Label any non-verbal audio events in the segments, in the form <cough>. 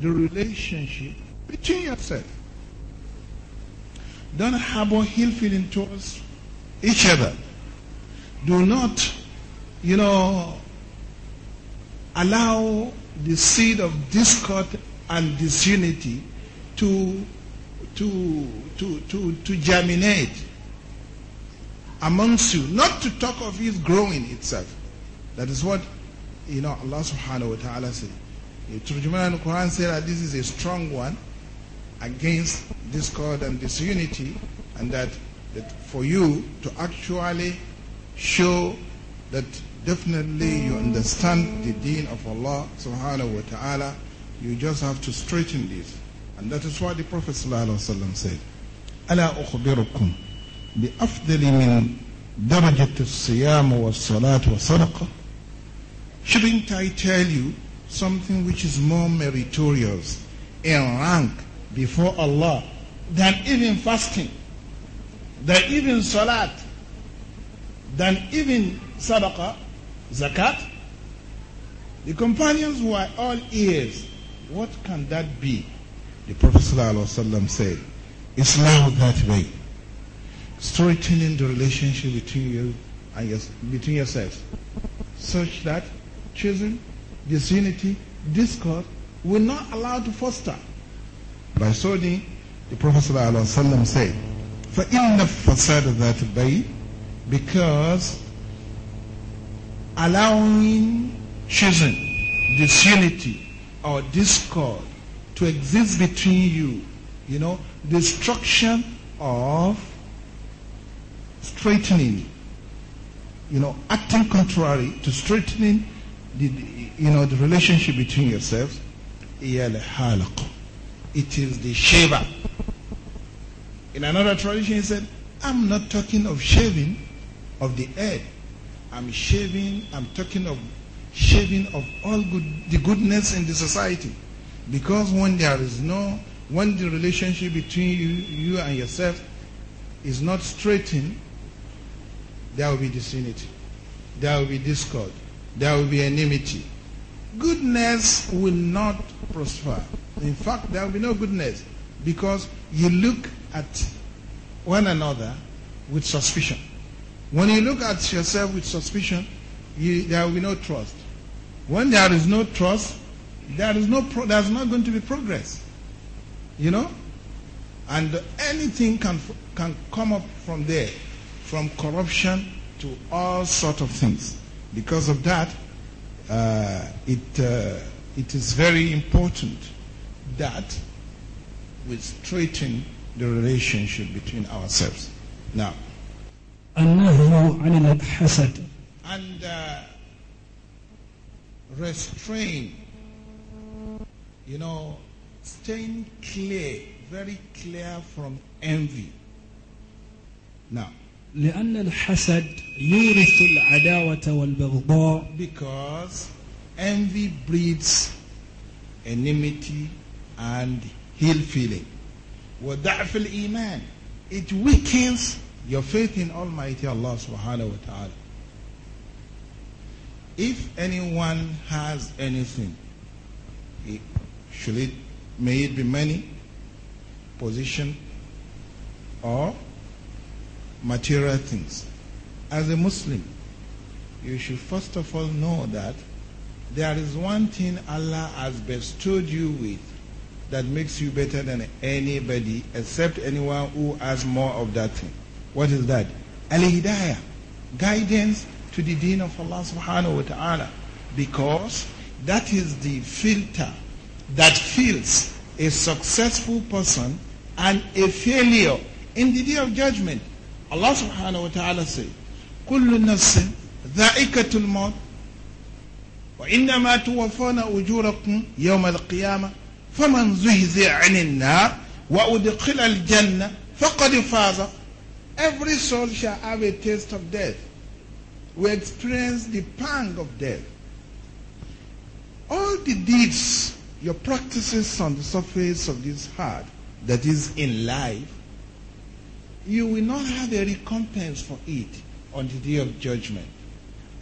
the relationship between yourself. Don't harbor ill feeling towards each other. Do not, you know, allow the seed of discord and disunity to, to, to, to, to germinate amongst you. Not to talk of it growing itself. That is what, you know, Allah subhanahu wa ta'ala said. The eh, Turjuman Quran say that this is a strong one against discord and disunity, and that, that for you to actually show that definitely you understand the deen of Allah subhanahu wa ta'ala, you just have to straighten this. And that is why the Prophet said. Allah أخبركم بأفضل من درجة الصيام والصلاة والصدقة Shouldn't I tell you something which is more meritorious in rank before Allah than even fasting, than even salat, than even sadaqah, zakat. The companions were all ears. What can that be? The Prophet ﷺ said, It's that way. Strengthening the relationship between you and your, between yourselves, such that children disunity, discord, we're not allowed to foster. By so doing, the Prophet ﷺ said, فَإِنَّ الْفَسَادَ that الْبَيْءٍ Because allowing schism, disunity, or discord to exist between you, you know, destruction of straightening, you know, acting contrary to straightening the, you know, the relationship between yourselves, it is the shaver. In another tradition, he said, I'm not talking of shaving of the head. I'm shaving, I'm talking of shaving of all good, the goodness in the society. Because when there is no, when the relationship between you, you and yourself is not straightened, there will be disunity. There will be discord there will be enmity. Goodness will not prosper. In fact, there will be no goodness because you look at one another with suspicion. When you look at yourself with suspicion, you, there will be no trust. When there is no trust, there is no pro- there's not going to be progress. You know? And anything can, can come up from there, from corruption to all sorts of things. Because of that, uh, it, uh, it is very important that we straighten the relationship between ourselves. Now, and uh, restrain, you know, staying clear, very clear from envy. Now, لأن الحسد يورث العداوة والبغضاء because envy breeds enmity and ill feeling وضعف الإيمان it weakens your faith in Almighty Allah subhanahu wa ta'ala if anyone has anything it, should it may it be money position or material things. As a Muslim, you should first of all know that there is one thing Allah has bestowed you with that makes you better than anybody except anyone who has more of that thing. What is that? Al-Hidayah, guidance to the deen of Allah subhanahu wa ta'ala because that is the filter that fills a successful person and a failure in the day of judgment. Allah subhanahu wa ta'ala said, كل نفس ذائقة الموت وإنما توفون أجوركم يوم القيامة فمن زهزع عن النار وأدخل الجنة فقد فاز Every soul shall have a taste of death. We experience the pang of death. All the deeds your practices on the surface of this heart, that is in life, you will not have a recompense for it on the day of judgment.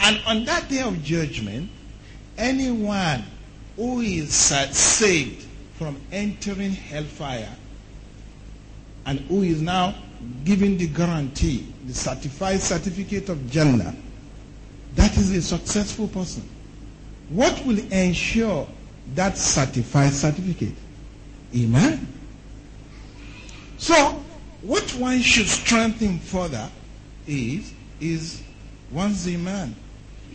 And on that day of judgment, anyone who is saved from entering hellfire and who is now given the guarantee, the certified certificate of Jannah, that is a successful person. What will ensure that certified certificate? Iman. So, What one should strengthen further is, is one's demand.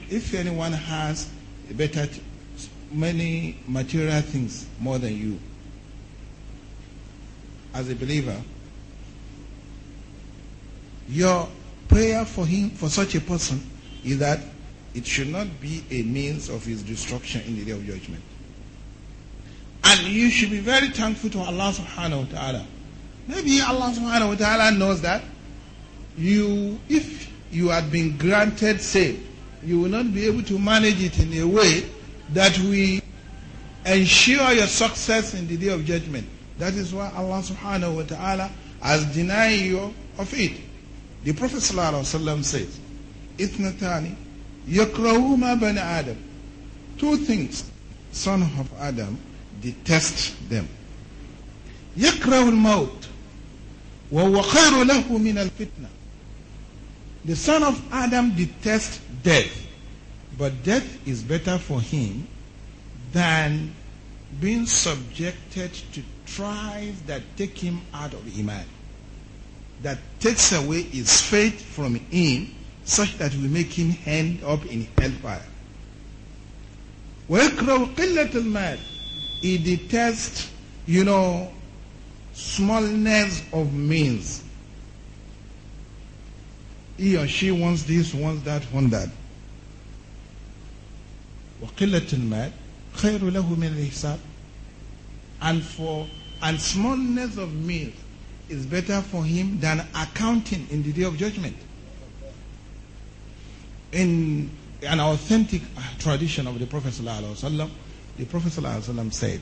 If anyone has better, t- many material things more than you, as a believer, your prayer for him, for such a person, is that it should not be a means of his destruction in the day of judgment. And you should be very thankful to Allah subhanahu wa ta'ala Maybe Allah subhanahu wa ta'ala knows that you, if you had been granted say, you will not be able to manage it in a way that will ensure your success in the day of judgment. That is why Allah subhanahu wa ta'ala has denied you of it. The Prophet sallallahu alayhi wa sallam says, Ithnatani yakrahuma ban Adam. Two things, son of Adam, detest them. Yakrahul maut. وهو خير له من الفتنة the son of Adam detests death but death is better for him than being subjected to trials that take him out of Iman that takes away his faith from him such that will make him end up in hellfire ويكره قلة المال he detests you know smallness of means. He or she wants this, wants that, wants that. وقلة المال خير له من الحساب and for and smallness of means is better for him than accounting in the day of judgment. In an authentic tradition of the Prophet wasallam, the Prophet wasallam said,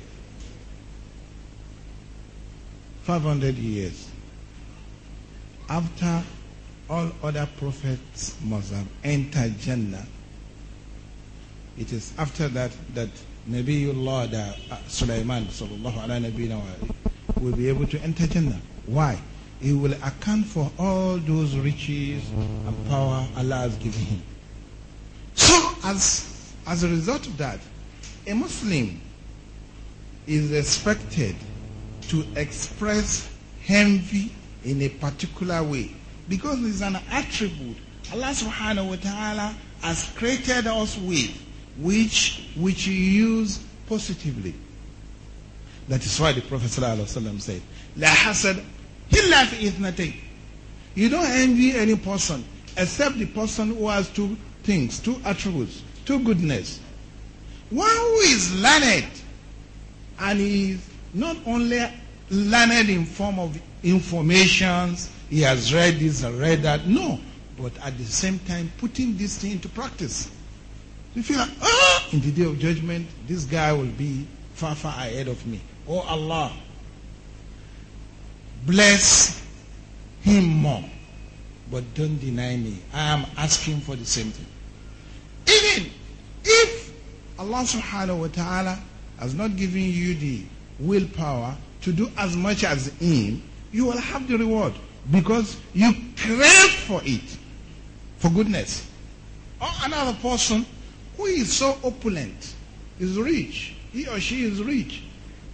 500 years after all other prophets must have entered Jannah. It is after that that Nabiullah da, uh, Sulaiman sallallahu will be able to enter Jannah. Why? He will account for all those riches and power Allah has given him. So as, as a result of that, a Muslim is expected to express envy in a particular way because it's an attribute Allah subhanahu wa ta'ala has created us with which which you use positively. That is why the Prophet ﷺ said, La hasad illa fi You don't envy any person except the person who has two things, two attributes, two goodness. One who is learned and is not only learned in form of informations, he has read this and read that. No, but at the same time, putting this thing into practice. You feel like, ah, in the day of judgment, this guy will be far, far ahead of me. Oh Allah, bless him more, but don't deny me. I am asking for the same thing. Even if Allah subhanahu wa ta'ala has not given you the willpower to do as much as him, you will have the reward because you crave for it, for goodness. Or another person who is so opulent, is rich, he or she is rich,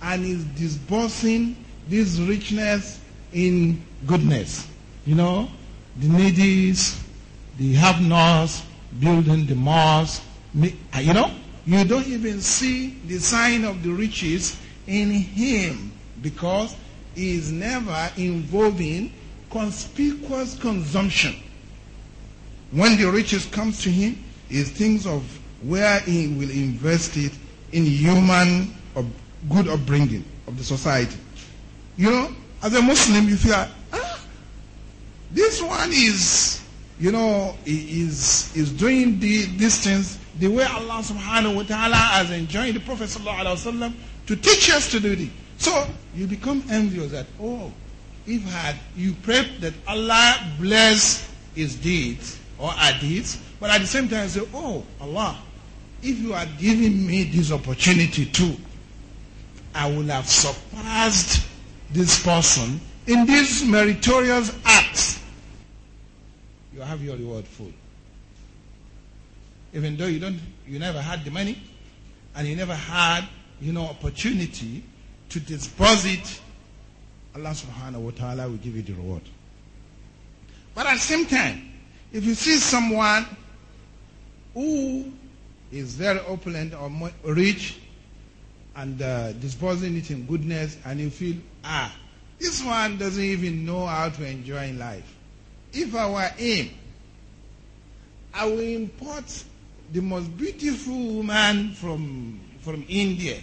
and is disbursing this richness in goodness. You know, the needy, the have-nots, building the mosque, you know, you don't even see the sign of the riches in him because he is never involving conspicuous consumption. When the riches comes to him, is things of where he will invest it in human or good upbringing of the society. You know, as a Muslim, you feel, ah, this one is, you know, is is doing the, these things the way Allah Subhanahu wa Taala has enjoined the Prophet Sallallahu Alaihi Wasallam to teach us to do this. So you become envious that, oh, if had you pray that Allah bless his deeds or our deeds, but at the same time say, oh, Allah, if you had given me this opportunity too, I would have surpassed this person in these meritorious acts. You have your reward full. Even though you don't, you never had the money, and you never had you know, opportunity to disperse it, Allah subhanahu wa ta'ala will give you the reward. But at the same time, if you see someone who is very opulent or rich and uh, disposing it in goodness, and you feel, ah, this one doesn't even know how to enjoy life. If I were him, I will import the most beautiful woman from from India.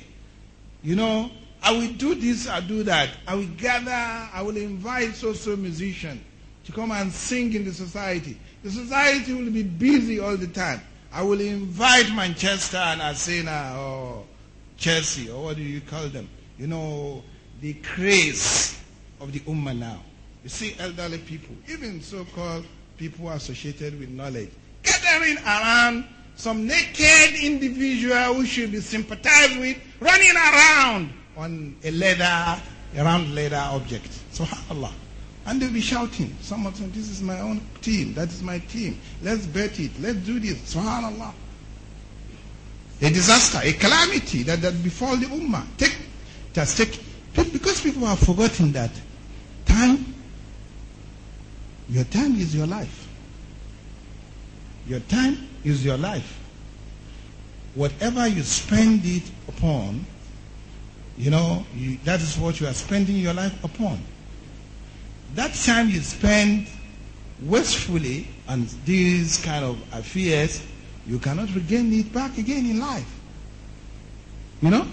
You know, I will do this, I do that. I will gather, I will invite social musicians to come and sing in the society. The society will be busy all the time. I will invite Manchester and Arsenal or Chelsea or what do you call them? You know, the craze of the Ummah now. You see elderly people, even so-called people associated with knowledge, gathering around some naked individual who should be sympathized with running around on a leather, a round leather object. SubhanAllah. And they'll be shouting. Someone saying, This is my own team, that is my team. Let's bet it, let's do this. SubhanAllah. A disaster, a calamity that, that befall the ummah. Take, just take, because people have forgotten that time, your time is your life. Your time is your life. Whatever you spend it upon, you know, you, that is what you are spending your life upon. That time you spend wastefully on these kind of affairs, you cannot regain it back again in life. You know?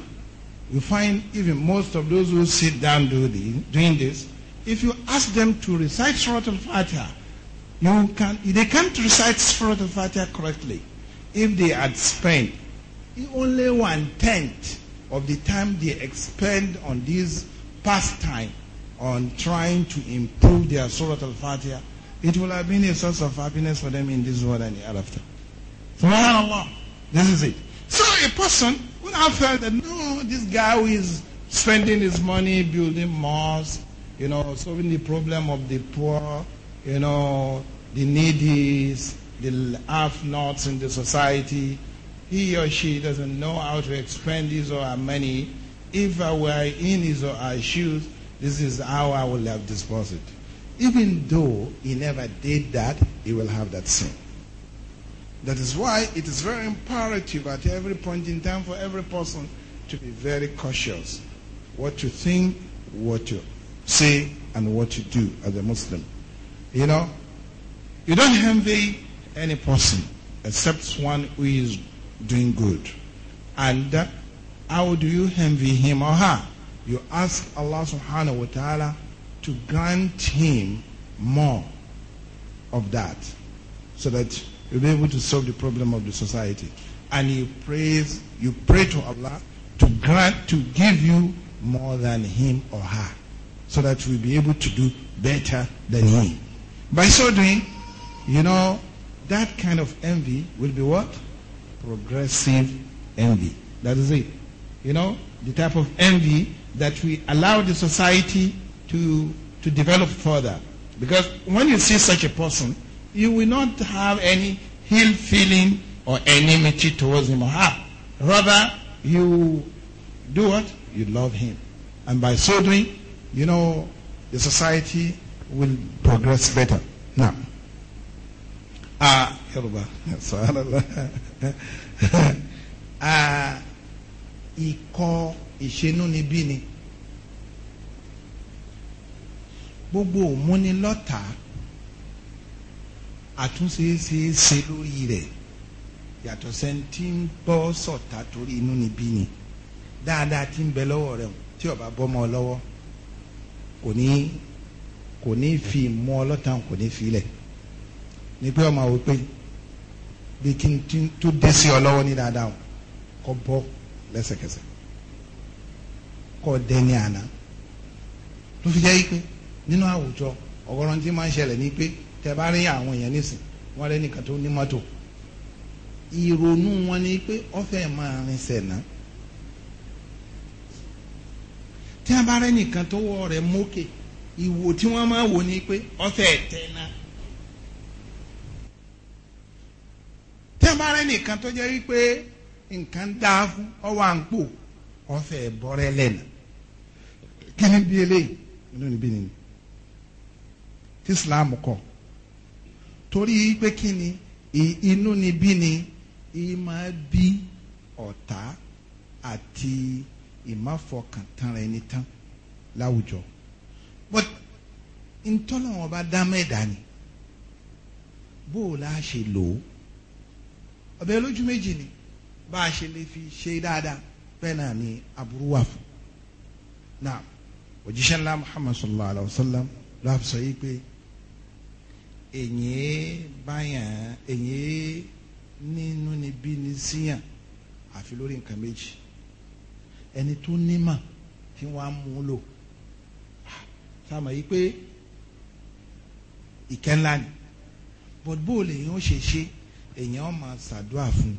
You find even most of those who sit down doing this, if you ask them to recite Surah Al-Fatiha, you can, they can't recite Surah Al-Fatiha correctly if they had spent only one-tenth of the time they expend on this pastime on trying to improve their Surah Al-Fatiha, it will have been a source of happiness for them in this world and the hereafter. SubhanAllah. This is it. So a person would have felt that, no, this guy who is spending his money building mosques, you know, solving the problem of the poor, you know, the needies, the have-nots in the society. He or she doesn't know how to expend his or her money. If I were in his or her shoes, this is how I would have disposed it. Even though he never did that, he will have that sin. That is why it is very imperative at every point in time for every person to be very cautious. What you think, what you say, and what you do as a Muslim. You know, you don't envy any person except one who is doing good. And uh, how do you envy him or her? You ask Allah subhanahu wa ta'ala to grant him more of that so that you'll be able to solve the problem of the society. And you praise, you pray to Allah to grant, to give you more than him or her so that we'll be able to do better than him. By so doing, you know, that kind of envy will be what? Progressive envy. That is it. You know, the type of envy that we allow the society to, to develop further. Because when you see such a person, you will not have any ill feeling or enmity towards him or her. Rather, you do what? You love him. And by so doing, you know, the society will progress better. Now, ah, Yorùbá, <laughs> subhanallah, <laughs> ah, ikọ̀ ìṣenúnibí ni gbogbo òmúnilọ́ta àtúnṣe ṣe é ṣe lórí rẹ̀ yàtọ̀ sẹ́ni tí ń bọ́ sọ̀tà torí inú níbí ni dáadáa tí ń bẹ lọ́wọ́ rẹ̀ tí ó bá bọ́mọ lọ́wọ́ kò ní kò ní fi mú ọlọ́tàn kò ní filẹ̀ ní pé ọmọ wípé bí kí n tó dé sí ọ lọ́wọ́ ní dáadáa kọ́ bọ́ lẹ́sẹ̀kẹsẹ̀ kọ́ dẹni àná tó fi jẹ́ pé nínú àwùjọ ọ̀gọ́rọ̀ tí máa ń ṣẹlẹ̀ ní pé tẹ bá rí àwọn èèyàn nísìn wọ́n rẹ́ nìkan tó ní mọ́tò ìrònú wọn ni pé ọ̀fẹ́ máa rin sẹ̀nà tí wọ́n bá rẹ́ nìkan tó wọ́ rẹ̀ mókè. ìwò tí wọ́n máa wò ni pé ọ̀fẹ́ ẹ̀tẹ́ náà. tẹ́ẹ̀mọ́rẹ́ nìkan tó jẹ́ wípé nǹkan dáa fún ọwọ́ à ń pò ọ̀fẹ́ bọ́rẹ́ lẹ́nu kí ni bí eléyìí inú níbí ni tí Islam kọ torí pé kí ni inú níbí ni ìmọ̀ bí ọ̀tá àti ìmáfọkàntán rẹ̀ tán láwùjọ. but ntọ́nà ọba dá ni bó o la ṣe lò ó ọ̀bẹ lójú méjì ni bá a ṣe lè fi ṣe dáadáa bẹ́ẹ̀ náà ni aburú wà fún náà òjíṣẹ́ ńlá Muhammad sallallahu alayhi wa sallam ló fi sọ yìí pé èyí báyàn èyí nínú ni bí ni síyàn àfi lórí nǹkan méjì ẹni tó nímọ̀ tí wọ́n á mú lò sàmọ̀ yìí pé ìkẹ́ ni but bó o lè yàn ó ṣe ṣe èèyàn ó máa ṣàdúrà fún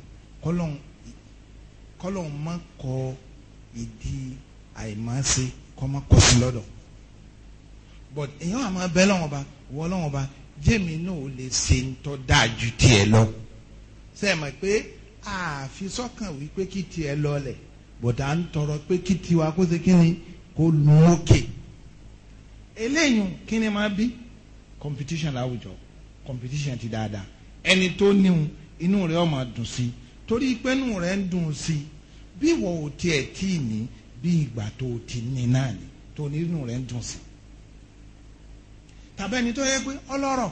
kọ́lọ́n má kọ ìdí àìmáṣe kọ́ má kọ sí lọ́dọ̀ but èèyàn àmọ́ bẹ́ẹ̀ lọ́wọ́n ba wọ́n lọ́wọ́n ba jẹ́mi náà ó lè ṣe ń tọ́ dáa ju tiẹ̀ lọ sẹ́ẹ̀mọ̀ pé àfi sọ́kàn wípé kí tiẹ̀ lọ lẹ̀ bọ̀dà ń tọrọ pé kí tiwa kó ṣe kí ni kó lu ókè. Okay eléyìí kí ni máa bí competition láwùjọ competition ti dáadáa ẹni tó níhun inú rẹ̀ ó máa dùn sí tori torí pé inú rẹ̀ ń dùn sí eti bí wọ́n ò tiẹ̀ tí ì ní bí ìgbà tó o ti ní náà ni tó ní inú rẹ̀ ń dùn sí i tàbẹ́ni tó yẹ pé ọlọ́rọ̀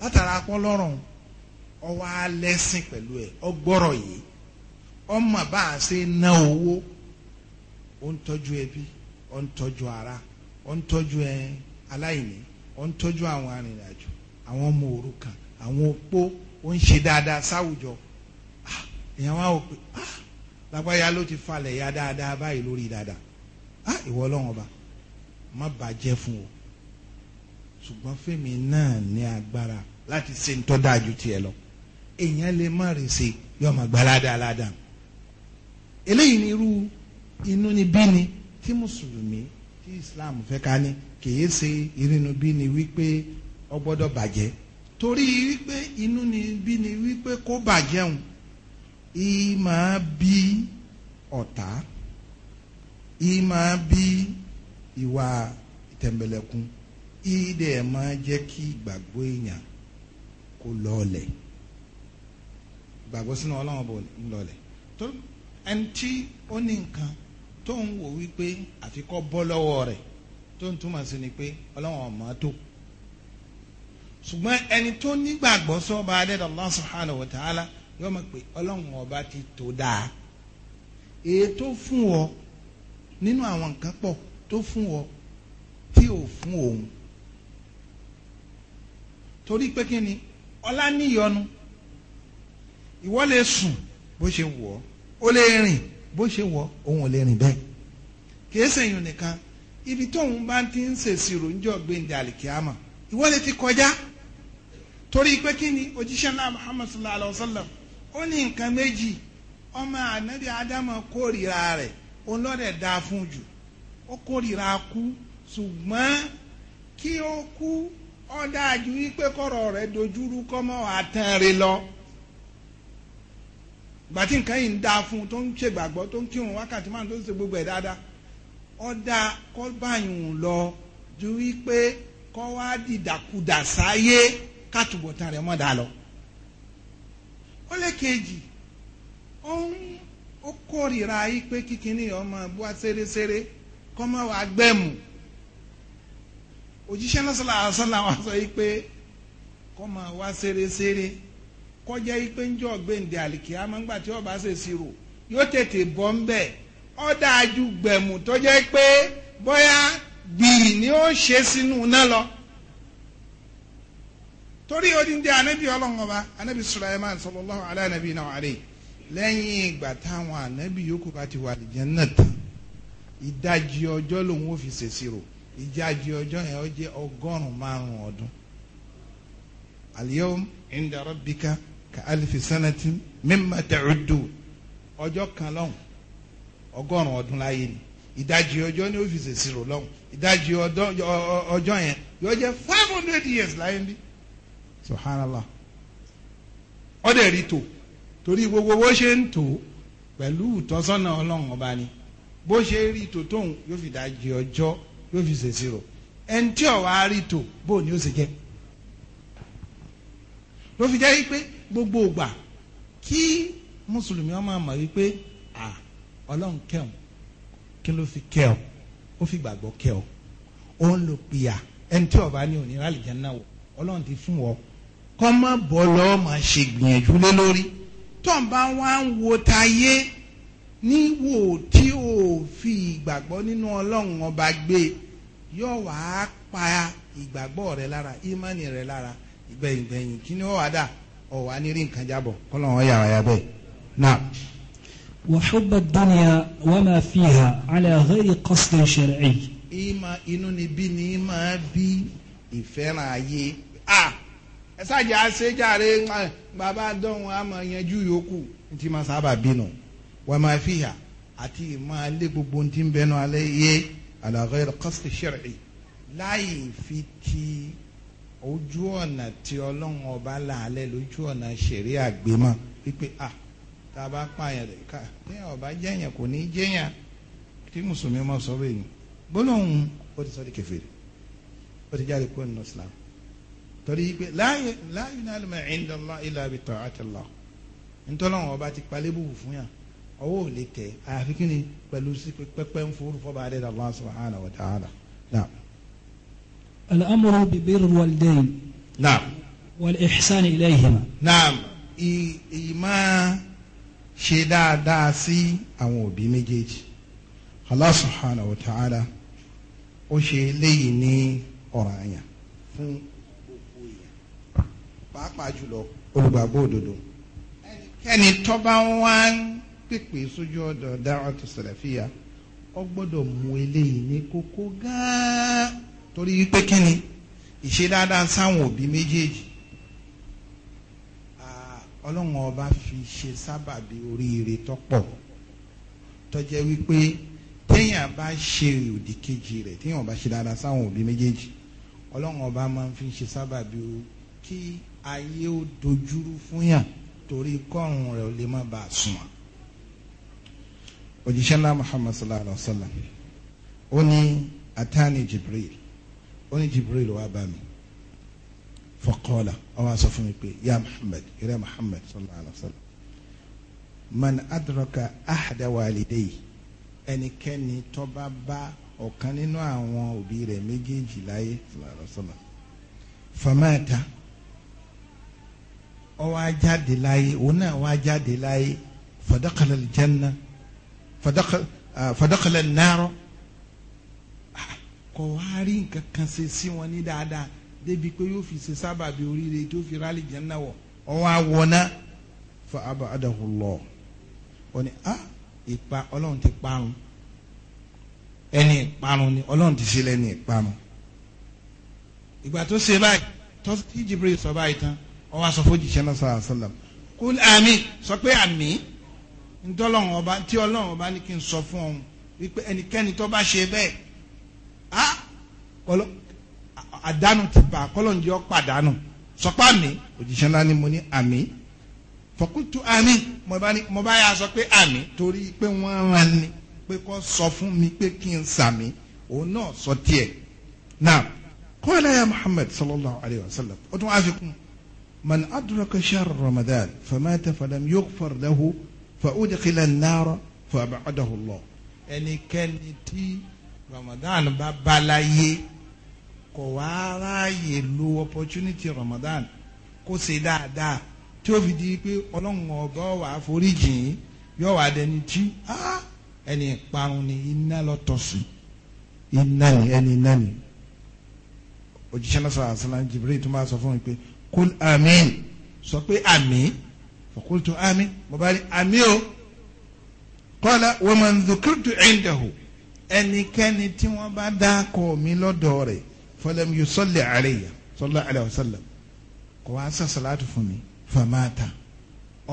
látara apọ́ lọ́rọ̀ ọwọ́ alẹ́sìn pẹ̀lú ẹ̀ ọgbọ́rọ̀ yìí ọmọ bá a ṣe ná owó ó ń tọ́jú ẹbí ó ń tọ́jú ara ó ń tọ́jú ẹ aláìní ó ń tọ́jú àwọn arìnrìnàjò àwọn ọmọ òrukàn àwọn opó ó ń ṣe dáadáa sáwùjọ ah, èèyàn wá wò pé ah, lágbáyà ló ti falẹ̀ ya dáadáa báyìí lórí dáadáa ah, ìwọ ọlọ́run ọba má bàjẹ́ fún o ṣùgbọ́n fèmí náà ní agbára láti ṣe ń tọ́da ju tiẹ̀ lọ èèyàn lè má rè ṣe yóò máa gbá ládàá ládàá eléyìí ni irú inú ni bí ni tí mùsùlùmí tí Islam fẹ́ ká ní kìí ṣe ìrìnnàbí ni wípé ó gbọ́dọ̀ bàjẹ́ torí wípé inú ni bí ni wípé kó bàjẹ́ òun ìmọ̀ bí ọ̀tá ìmọ̀ bí ìwà ìtẹ̀mbẹ̀lẹ̀kun ìdẹ̀ máa jẹ́ kí ìgbàgbọ́ èèyàn kó lọ́ọ̀lẹ̀ ìgbàgbọ́ sínú ọlọ́run bò ń lọ́ọ̀lẹ̀ tó ẹni tí ó ní nǹkan tó ń wò wípé àfikọ́ bọ́ lọ́wọ́ rẹ̀ tó ń túmọ̀ sí ni pé ọlọ́wọ́n ọ̀mọ́ tó ṣùgbọ́n ẹni tó nígbàgbọ́ sọ́ba adẹ́dàá Allah subhanahu wa ta'ala yóò mọ̀ pé ọlọ́run ọba ti tó dáa èyí tó fún ọ nínú àwọn nǹkan pọ̀ tó fún ọ tí ò fún òun torí pé kí ni ọlá níyọnu ìwọ lè sùn bó ṣe wù ọ́ ó lè rìn bó ṣe wọ òun ò lè rìn bẹ́ẹ̀ kìí sẹ́yìn nìkan ibi tóun bá ti ń ṣèṣirò níjọ́ gbẹ̀ǹdẹ̀ àlìkíyàmà ìwọ́lé ti kọjá torí pé kí ni òjíṣẹ́ náà Muhammad sallallahu alayhi wa sallam ó ní nǹkan méjì ọmọ ànábì adama kórìíra rẹ̀ dáa fún jù ó kórìíra kú ṣùgbọ́n kí ó kú ju wípé rẹ̀ dojúrú kọ́mọ́ lọ. gbàtí nǹkan yìí ń da fún un tó ń ṣègbàgbọ́ tó ń kírun wákàtí márùn tó ń ṣe gbogbo ẹ̀ dáadáa ọ̀dà kọ́ báyìí lọ ju wípé kọ́ wá dìdàkudà sáyé kátùbọ̀tán rẹ̀ mọ́ da lọ. ó lé kejì ó kórìíra yìí pé kíkiní ọmọ bua ṣeréṣeré kọ́ mọ́ wàá gbẹ̀mù òjíṣẹ́ náà sọ́la àṣọ làwọn sọ yìí pé kọ́ mọ́ wá ṣeréṣeré. kọjá yìí pé ń jọ gbẹ̀ǹdẹ̀ àlìkí amáǹgbà tí ọba ṣe sírò yóò tètè bọ́ ń bẹ̀ ọ́ dáa ju gbẹ̀mù tó jẹ́ pé bóyá gbìyì ni ó ṣe sínú náà lọ. torí odindi anabi anabi sulaiman sallallahu lẹ́yìn ìgbà táwọn anabi yòókù ti wà lìjẹ́ náà ka alifi sanati mímà tẹ̀rùdù ọjọ́ kan lọ́hùn ọgọ́rùn-ún ọdún láyé ni ìdajì ọjọ́ ní ọ́fíìsì ìṣirò lọ́hùn ìdajì ọjọ́ yẹn yóò jẹ́ five hundred years láyé bí subhanallah ọ̀dẹ̀ rí tò torí gbogbo bó ṣe ń tò pẹ̀lú ìtọ́sọ́nà ọlọ́run ọba ni bó ṣe rí tò tóun yóò fi ìdajì ọjọ́ yóò fi ṣèṣirò ẹni tí ọ̀wá rí tò bóun ni ó ṣe jẹ́ ló fi jẹ́ pé gbogbo ìgbà kí mùsùlùmí ọmọ àmọ̀ wípé à ọlọ́run kẹ́hùn kí ló fi kẹ́ ọ ó fi gbàgbọ́ kẹ́ ọ ó ń lo pìyà ẹni tí ọba ní òní rálìjẹ́ náà wọ ọlọ́run ti fún ọ kọ́ má bọ́ lọ́ọ́ máa ṣe gbìyànjú lé lórí tó ń bá wá ń wo tí ò fi ìgbàgbọ́ nínú ọlọ́run ọba gbé yóò wá pa ìgbàgbọ́ rẹ lára ìmánì rẹ lára ìgbẹ̀yìngbẹ̀yìn kí ni ó wà dà ọ̀wà nírí nǹkan jábọ̀ kọ́lọ́n ọ̀yà ọ̀yà bẹ́ẹ̀ náà. وحب الدنيا وما فيها على غير قصد شرعي ìmà inú ni bí ni máa bí ìfẹ́ràn ayé à ẹ sáàjì àṣejáre bàbá dọ́hùn àmọ́ yanjú yòókù tí máa sábà bínú wà máa fìyà àti máa lé gbogbo tí ń bẹnu alẹ́ yé ala ghayr qasd shar'i láì fi ti ojú ọ̀nà tí ọlọ́run ọba làálẹ̀ lójú ọ̀nà ṣẹ̀rí àgbémọ̀ wípé à tá a bá pààyàn rẹ̀ ká téèyàn ọba jẹ́yàn kò ní í jẹ́yàn tí mùsùlùmí mọ̀ sọ́wọ́ èyí gbólóhùn ó ti sọ di kèfèrí ó ti jáde kúrò nínú Islam torí pé láàyè láàyè náà lè ẹ̀yìn lọ́lá ilà àbí tọ́ àti lọ ntọ́lọ́run ọba ti palẹ́ bùbù fún yàn ọwọ́ ò lè tẹ̀ àfi ni pẹ̀lú sí pẹ́pẹ́ ń forúfọ́ bá dé Allah subhanahu wa ta'ala náà. الأمر ببر الوالدين نعم والإحسان إليهما نعم ìmá ṣe dáadáa sí àwọn òbí méjèèjì Allah subhanahu wa ta'ala ó ṣe eléyìí ní ọ̀ranyàn fún gbogbo èèyàn pàápàá jùlọ olùgbàgbọ́ òdodo ẹnikẹ́ni tó bá wá ń pèpè sójú ọ̀dọ̀ dáhùn tó sàlàfíà ó gbọ́dọ̀ mú eléyìí ní kókó gáà torí pé kí ni ìṣe dáadáa sáwọn òbí méjèèjì ah, ọlọ́run ọba fi ṣe sábàbí oríire tọ́pọ̀ tọ́jẹ́ wípé téèyàn bá ṣe òdì kejì rẹ̀ téèyàn bá ṣe dáadáa sáwọn òbí méjèèjì ọlọ́run ọba máa ń fi ṣe sábàbí o kí ayé ó dojúrú fún yàn torí kọ́run rẹ̀ ó lè má bàa sùn òjíṣẹ́ ńlá muhammad sallallahu alaihi wa sallam ó ní atani jibril ó ní Jibril wá bá mi faqala ó wá sọ fún mi pé ya Muhammad ya Muhammad sallallahu alaihi wa sallam man adraka ahada walidayi ẹnikẹ́ni tó bá bá ọ̀kan nínú àwọn òbí rẹ̀ méjèèjì láyé sallallahu alaihi famata ó wá láyé òun náà wá jáde láyé fadakala aljanna fadakala fadakala kọ̀ wá rí nǹkan kan ṣe sí wọn ní dáadáa débi pé yóò fi ṣe sábàbí oríire tó fi rálì jẹ́nà wọ̀ ọwọ́ àwọ̀nà fa abadahu lọ wọ́n ni a ìpa ọlọ́run ti parun ẹni ìparun ni ọlọ́run ti ṣe lẹ́ni ìparun ìgbà tó ṣe báyìí tọ́sí tí Jibril sọ báyìí tán ọwọ́ aṣọ fún jìṣẹ́ náà sọ̀rọ̀ sọ́lọ̀ kó àmì sọ pé àmì ntọ́lọ́run ọba tí ọlọ́run ọba ní kí n sọ fún ọ̀hún wípé ẹnikẹ́ni tó bá ṣe bẹ́ẹ̀ Ah, kọlọ àdánù ti bá kọlọ ní ọ pàdánù sọpá mi òjíṣẹ́ ńlá ni mo ní àmì fọkútù àmì mo bá yà sọ pé àmì torí pé wọ́n rán ni pé kó sọ fún mi pé kí n sàmì òun náà sọ tiẹ̀ náà kọ́lá ya Muhammad sallallahu alayhi wa sallam ó tún wá fi kún man adraka shahr ramadan famata falam yughfar lahu fa udkhila an-nar fa ab'adahu Allah ẹnikẹ́ni tí. Ramadan bá balaye kò wá ráàyè lo opportunity Ramadan kó ṣe dáadáa tí ó fi di pé ọlọ́run ọba wà foríjìn yóò wá dẹni tí ẹni ìparun ni iná lọ tọ̀ sí iná ni ẹni iná ni òjíṣẹ́ náà sọ àṣàlá Jibril tó máa sọ fún mi pé kul amin sọ pé amin fọkúlùtù amin mo rí amin o qala wa man dhukirtu indahu ẹnikẹ́ni tí wọ́n bá dá kọ mi lọ́dọ̀ rẹ̀ fọlẹ́mi yóò sọ́lẹ̀ àlẹ́ yà sọ́lẹ̀ àlẹ́ ọ̀sọ́lẹ̀ kò wá sọ sàlátù fún mi fàmáta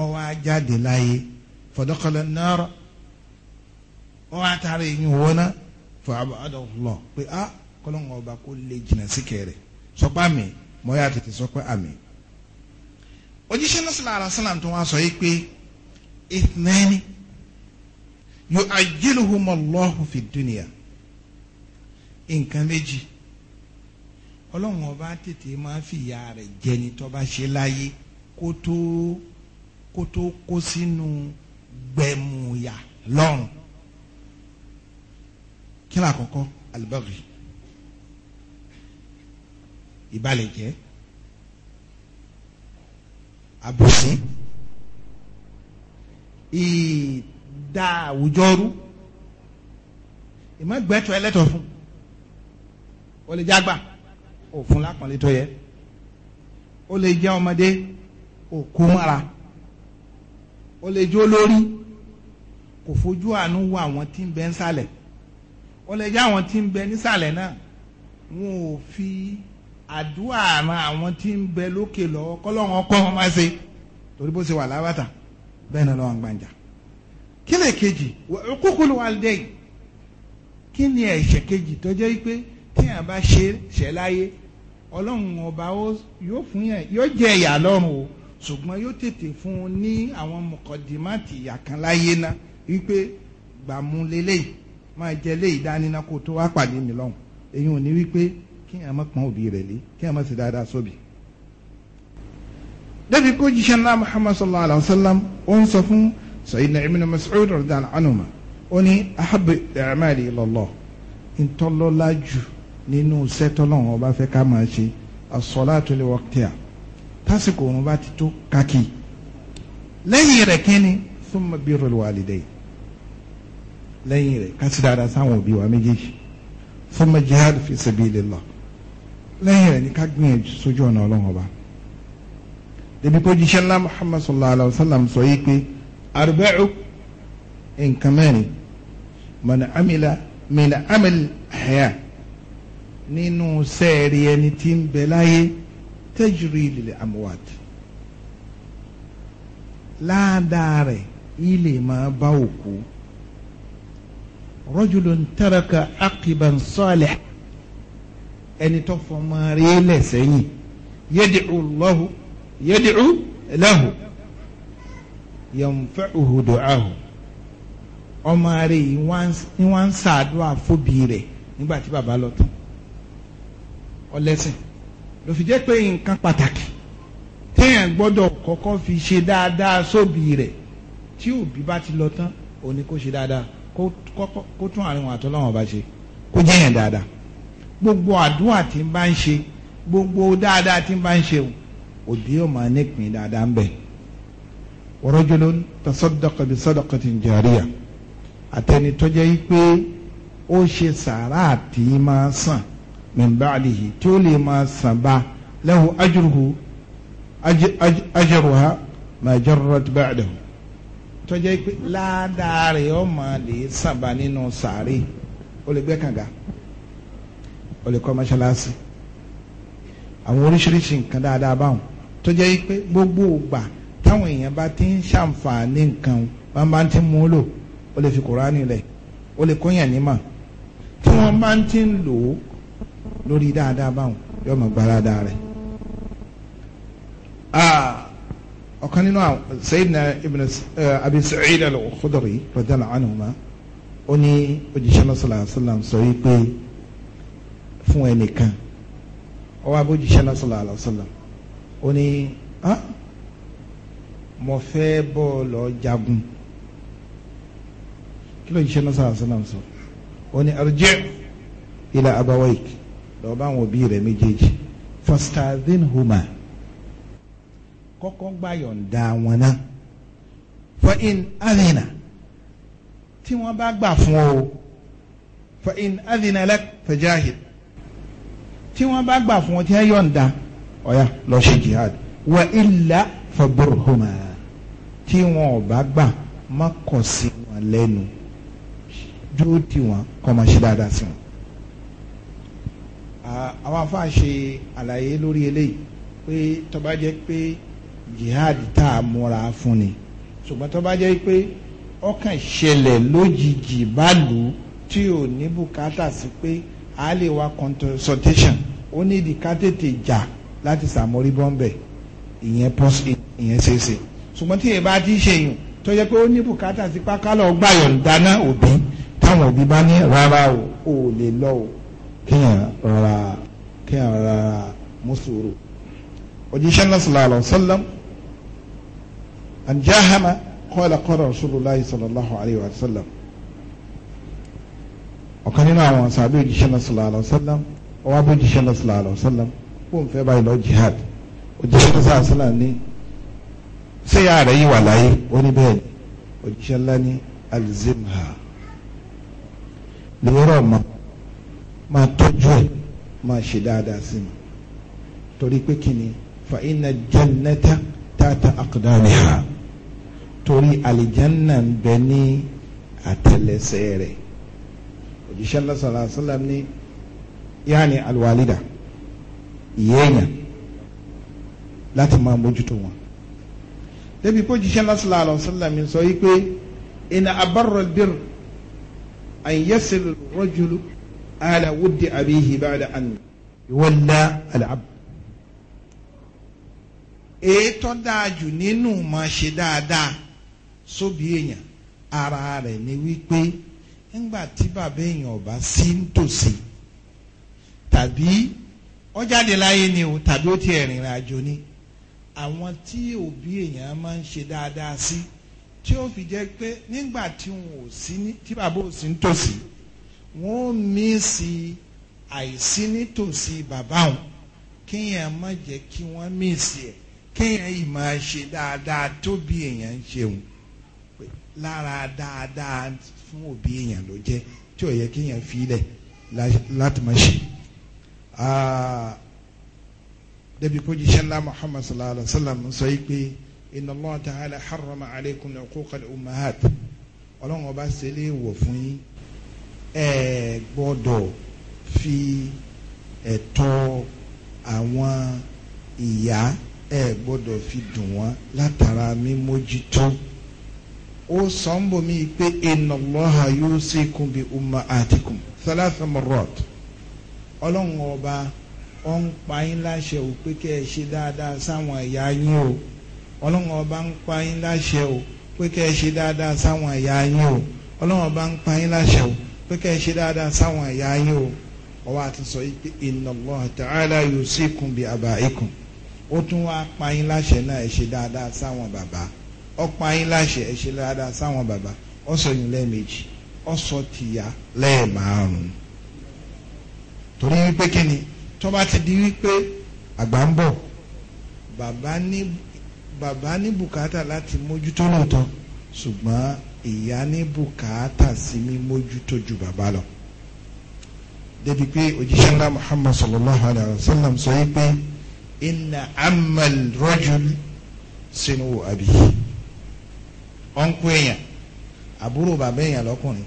ọwọ́ ajáde láyé fọdọ́kọlẹ̀ náírà ọwọ́ àtàrà ẹ̀yìn wọ́nà fọ àbọ̀dọ̀lọ́ pé a ah, kọ́lọ́ngà ọba kò lè jìnnà sí kẹrẹ mi mọ́ tètè sọpá àmì. òjíṣẹ́ náà sọ̀rọ̀ tó wá sọ yìí pé ìtìnnẹ́ni yu'ajjiluhum Allahu fi dunya nǹkan méjì ọlọ́run ọba tètè máa fìyà rẹ̀ jẹni tó bá ṣe láyé kó tó kó tó kó sínú gbẹmùyà lọ́run kí ni àkọ́kọ́ alibaghi ìbalẹ̀ jẹ́ da àwùjọ rú ìmọ̀ gbẹ́tọ̀ ẹlẹ́tọ̀ fún o lè jágbà òfun lápọ̀nlé yẹ o lè jẹ́ ọmọdé òkú mọ́ra o lè jó lórí kò fojú àánú wo àwọn tí ń bẹ nísàlẹ̀ o lè jẹ́ àwọn tí ń bẹ nísàlẹ̀ náà wọn ò fi àdúrà ran àwọn tí ń bẹ lókè lọ́wọ́ kọ́lọ́run ọkọ́ wọn máa ṣe torí bó ṣe wà lábàtà bẹ́ẹ̀ ni lọ́wọ́ gbàǹjà kí lè kejì uququl walidayn kí ni ẹ̀ṣẹ̀ kejì tó jẹ́ pé téèyàn bá ṣe ṣẹ̀ láyé ọlọ́run ọba yóò fún yẹn yóò jẹ ìyà lọ́run o ṣùgbọ́n yóò tètè fún un ní àwọn mọ̀kọ́dìmáàtì ìyà kan láyé ná wípé gbàmú lélẹ́yìí máa jẹ léyìí dání ná kó tó wá pàdé mi lọ́hùn èyí ò ní wípé kí má pọ́n òbí rẹ̀ lé kí má sì dáadáa sóbì. débi kó jíṣẹ́ ńlá Muhammad sallallahu alayhi wa sallam ó ń sọ fún sayidina ibn Mas'ud radiyallahu anhuma ó ní ahabu amali ilallah ntọ́lọ́lájú nínú sẹ́tọ́lọ́hún ọba fẹ́ ká máa ṣe as-salatu li waqtiha tásìkò òun bá ti tó kákì lẹ́yìn rẹ̀ kínní thumma birrul walidayn lẹ́yìn rẹ̀ kásì dáadáa sáwọn òbí wa méjèèjì thumma jihad fi sabilillah lẹ́yìn rẹ̀ ní ká gbìyànjú sójú ọ̀nà ọlọ́run ọba. débi kó jíṣẹ́ ńlá Muhammad sallallahu alayhi wa sallam sọ yìí pé arba'u nǹkan mẹ́rin mọ̀nà amílà mìlà amílì àyà nínú sẹ́ẹ̀rì ẹni tí ń bẹ láyé tẹ́júrì ilẹ̀ amuwat láàdáa rẹ̀ ilẹ̀ máa bá òkú rọ́jùlùn tẹ́rẹ̀kà àkìbàn sọ́ọ̀lẹ̀ ẹni tó fọmọ rí lẹ̀ sẹ́yìn yẹ́dìcú lọ́hù yẹ́dìcú lẹ́hù. yanfa'uhu du'ahu ọmọ rẹ̀ yìí wọ́n ń ṣàdúrà fóbi rẹ̀ nígbà tí bàbá lọ tán ọlẹ́sìn ló fi jẹ́ pé nǹkan pàtàkì téèyàn gbọ́dọ̀ kọ́kọ́ fi ṣe dáadáa sóbi rẹ̀ tí òbí bá ti lọ tán òní kó ṣe dáadáa kó tún àárín wọn bá ṣe kó gbogbo àdúrà tí ń bá gbogbo dáadáa tí ń bá ń ṣe òbí yóò warajulun tasaddaqa bi sadaqatin jariya àtẹni tó jẹ́ pé ó ṣe sàrà àti máa sàn min ba'dihi tí ó lè máa sàn bá lahu ajruhu ajruha ma jarrat ba'dahu tó jẹ́ pé ládàá rẹ̀ ó máa lè sàn bá nínú sàárè ó lè gbẹ́ kànga ó lè kọ́ mọ́ṣáláṣí àwọn oríṣiríṣi nǹkan dáadáa báwọn tó jẹ́ pé gbogbo ògbà táwọn èèyàn bá ti ń ṣàǹfààní nǹkan wọn bá ti mú lò ó lè fi kùránì lẹ̀ ó lè kóyàn nímọ̀ tí wọ́n bá ti ń lò ó lórí dáadáa báwọn yóò mọ̀ gbáradá rẹ̀. ọ̀kan nínú Sayyidina Ibn eh, Abi Sa'id al-Khudri radiyallahu anhuma ó ní òjíṣẹ́ lọ́sọ̀lá sọ wípé fún ẹnìkan ọwọ́ abójíṣẹ́ lọ́sọ̀lá ó ní. Ah, mo fẹ́ bọ́ lọ jagun kí ló jíṣẹ́ náà sàásánà sọ ó ní arjẹ́ ila abawaik lọ bá àwọn òbí rẹ̀ méjèèjì fastadhin huma kọ́kọ́ gba yọ̀ǹda wọn náà fa in adhina tí wọ́n bá gbà fún ọ fa in adhina lak fajahid tí wọ́n bá gbà fún ọ tí wọ́n yọ̀ǹda ọ̀ya lọ ṣe jihad wa illa faburhuma tí wọn ò bá gbà má kọ̀ sí wọn lẹ́nu dúró tì wọn kọ́ máa ṣe dáadáa sí wọn. àwọn afáà ṣe àlàyé lórí eléyìí pé tó jẹ́ pé jihad tá a múra fún ni ṣùgbọ́n tó bá jẹ́ pé ọkàn ṣẹlẹ̀ lójijì báàlú tí ò ní bùkátà sí pé a lè wá consultation ó ní ìdí ká tètè jà láti sàmórí bọ́m̀bẹ̀ ìyẹn ṣeéṣe ṣùgbọ́n tí èèbá ti ṣe yùn tó yẹ pé ó ní bùkátà sí pákálọ̀ gbàyọ̀ dáná òbí táwọn òbí bá ní rárá o ò lè lọ o kéèyàn rárá kéèyàn rárá mùsùlùmí. òjíṣẹ́ náà sallallahu alaihi wasallam àjáhàmà qala qala rasulullahi sallallahu alaihi wasallam ọ̀kan nínú àwọn sàbí òjíṣẹ́ náà sallallahu alaihi wasallam ọwọ́ ṣé ìyá rẹ̀ yìí wà láyé ó ní bẹ́ẹ̀ ni òjíṣẹ́ ńlá ní alzimha lóòrọ̀ mọ́ máa tọ́jú ẹ̀ máa ṣe dáadáa sí mi torí pé kí ni fa inna jannata tata aqdamiha torí àlìjánná ń bẹ ní àtẹ́lẹsẹ̀ rẹ̀ òjíṣẹ́ ńlá sallallahu alaihi wasallam ní yaani alwalida ìyẹ́yàn láti máa mójútó wọn débi kó jíṣẹ́ lásìlá àlọ́sílẹ̀ mi sọ wípé ìnà àbárò bír àyẹ̀sẹ̀ rọ́júlù àlà wúdi àbíyí bàdà àná ìwọ́lá àlàb. ètò dáàjù nínú máa ṣe dáadáa sóbì èèyàn ara rẹ̀ ni wípé ńgbà tí bàbá èèyàn ọba sí ń tòsí tàbí ó ni o tàbí ó ti ẹ̀rìnrìn àjò ni àwọn tí òbí èèyàn máa ń ṣe dáadáa sí tí ó fi jẹ́ pé nígbà tí wọn ò sí ní tí bàbá ò sí nítòsí wọn ò mí sí àìsí nítòsí bàbá wọn kéèyàn má jẹ́ kí wọ́n mí sí ẹ̀ kéèyàn yìí máa ṣe dáadáa tóbi èèyàn ń ṣeun lára dáadáa fún òbí èèyàn ló jẹ́ tí ò yẹ kéèyàn fi lẹ̀ láti má ṣe. Ah, débi kó jíṣẹ́ ńlá muhammad sallallahu alayhi wa sallam sọ yìí pé inna allah ta'ala harrama alaykum uquqal ummahat ọlọ́run ọba ṣẹlẹ̀ wọ̀ fún yín ẹ gbọ́dọ̀ fi ẹ̀tọ́ àwọn ìyá ẹ gbọ́dọ̀ fi dùn wọ́n látara mímójútó ó sọ ń bomi pé inna allaha yusikum bi ummahatikum thalatha marrat ọlọ́run ọba wọ́n ń pa yín láṣẹ ò pé kẹ́ ẹ ṣe dáadáa sáwọn ẹ̀yà yín o ọlọ́run ọba ń pa yín láṣẹ o pé kẹ́ ẹ ṣe dáadáa sáwọn ẹ̀yà yín o ọlọ́run ọba ń pa láṣẹ o pé kẹ́ ẹ ṣe dáadáa sáwọn ẹ̀yà yín o ọwọ́ àti sọ yìí pé inna Allah ta'ala yusikum bi abaikum ó tún wá pa yín láṣẹ náà ẹ ṣe dáadáa sáwọn bàbá ó pa yín láṣẹ ẹ ṣe dáadáa sáwọn bàbá ó sọ yín lẹ́ẹ̀mejì ó sọ tìyá lẹ́ẹ̀márùn-ún torí wípé kí tó bá ti di wípé àgbà ń bọ̀ bàbá ní bàbá ní bùkátà láti mójútó lóòótọ́ ṣùgbọ́n ìyá ní bùkátà sí mímójútó ju bàbá lọ débi pé òjíṣẹ́ ńlá Muhammad sallallahu alayhi wa sallam sọ yìí inna amal rojul sínú àbí ọ̀nkú èèyàn àbúrò bàbá èèyàn lọ́kùnrin